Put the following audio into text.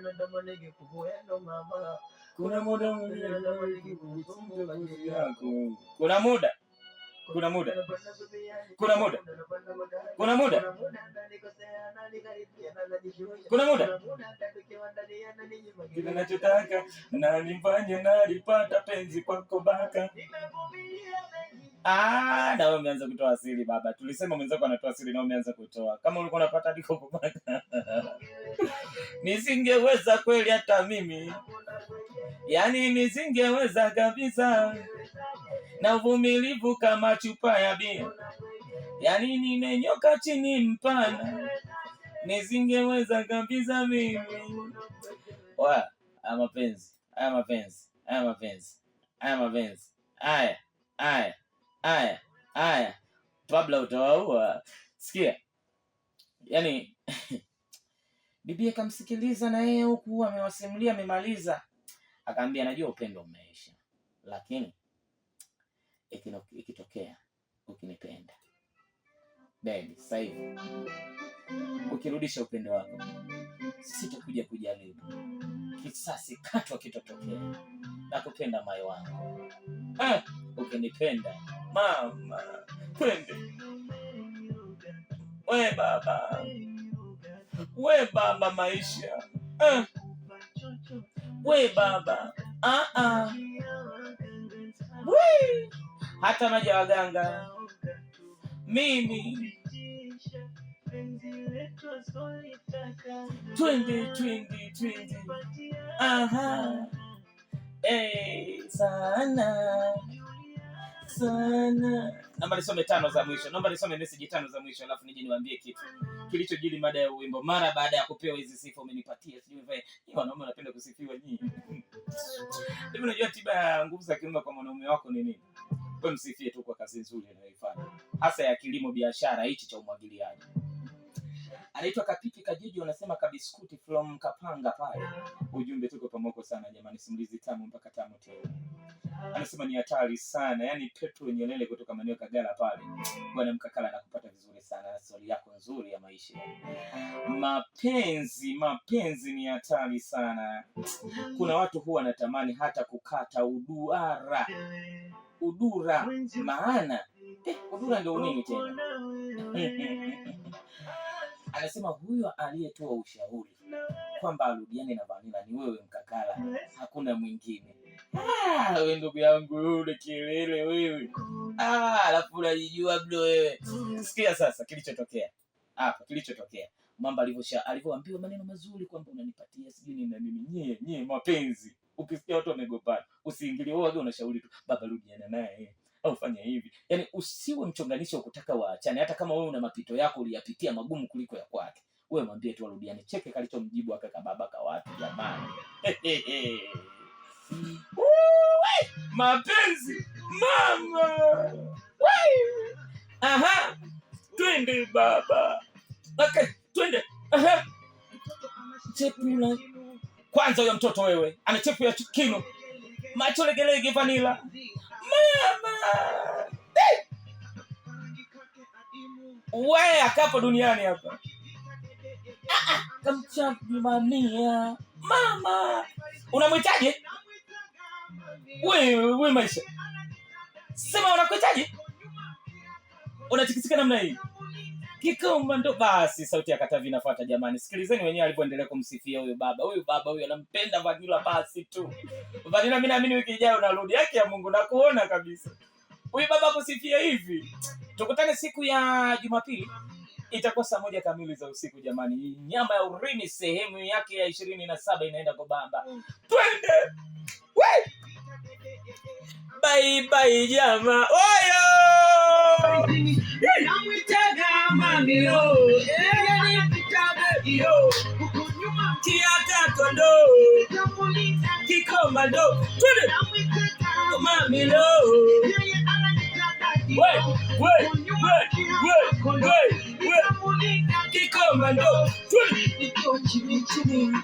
ninatamani kikuenda mama. Kuna muda mwingine ninatamani kikufunga yako. Kuna muda kuna muda kuna muda kuna muda kuna muda kile nachotaka na nifanye nalipata penzi kwako baka Ah, na wewe umeanza kutoa asili baba. Tulisema mwenzako anatoa asili na umeanza kutoa. Kama ulikuwa unapata liko Nisingeweza kweli hata mimi. Yaani nisingeweza kabisa. Na uvumilivu kama chupa ya bia. Yaani nimenyoka chini mpana. Nisingeweza kabisa mimi. Wa, haya mapenzi. Haya mapenzi. Haya mapenzi. Haya mapenzi. Haya. Haya aya aya, kabla utawaua sikia. Yani bibi akamsikiliza na yeye huku amewasimulia amemaliza, akaambia najua upendo umeisha, lakini ikitokea ukinipenda baby, sasa hivi ukirudisha upendo wako, sitakuja kujaribu kisasi katwa kitotokea, nakupenda mayo wangu, ukinipenda mama, twende. We baba, we baba, maisha eh. We baba, ah ah, we hata maji waganga mimi twende twende twende, aha, eh, sana sana. Naomba nisome tano za mwisho, naomba nisome meseji tano za mwisho, alafu nije niwaambie kitu kilichojili mada ya uwimbo Mara baada ya kupewa hizi sifa, umenipatia sijui vile wanaume wanapenda kusifiwa nyinyi. Hivi unajua tiba ya nguvu za kiume kwa mwanaume wako ni nini? Kwa msifie tu kwa kazi nzuri anayoifanya, hasa ya kilimo, biashara hichi cha umwagiliaji anaitwa Kapiki Kajiji, wanasema kabiskuti from Kapanga pale. Ujumbe tuko pamoja sana jamani, simulizi tamu mpaka tamu tu. Anasema ni hatari sana, yani Petro Nyelele kutoka maeneo Kagala pale. Bwana Mkakala anakupata vizuri sana, swali yako nzuri ya maisha. Mapenzi, mapenzi ni hatari sana. Kuna watu huwa wanatamani hata kukata uduara udura, maana eh, udura ndio nini tena? Anasema huyo aliyetoa ushauri kwamba arudiane na Vanila ni wewe Mkakala, hakuna mwingine. Ah, wewe ndugu yangu yule kelele wewe. Ah, alafu unajijua bro wewe. Mm. Sikia sasa kilichotokea hapa, kilichotokea mamba alivyosha alivyoambiwa maneno mazuri kwamba unanipatia sijui nini na nini, nyie nyie mapenzi. Ukisikia watu wamegombana usiingilie, wewe unashauri tu baba, rudiana naye au fanya hivi, yaani usiwe mchonganishi wa kutaka waachane. Hata kama wewe una mapito yako uliyapitia magumu kuliko ya kwake, wewe mwambie tu warudiane. Cheke kalichomjibu akaka baba ka watu jamani. Mapenzi mama, aha, twende baba, okay, twende aha. Chepula kwanza, huyo mtoto wewe, anachepu ya kino, macho legelege, vanila wewe akapo duniani hapa ah, ah, kamchamania mama, unamhitaji wewe? Maisha sema, unakuhitaji, unatikisika namna hii ndo basi, sauti ya Katavi inafuata. Jamani, sikilizeni wenyewe alivyoendelea kumsifia huyo baba, huyu baba huyu anampenda Vanila basi tu. Vanila, mimi naamini wiki ijayo unarudi. Haki ya Mungu, nakuona kabisa huyu baba kusifia hivi. Tukutane siku ya Jumapili, itakuwa saa moja kamili za usiku. Jamani, nyama ya urini sehemu yake ya ishirini na saba inaenda kwa baba, twende we bye bye, jamaa. oyo dhambi yeye ni kitagio kiata kondo kikomba do tude mami lo we we we we we we kikomba do tude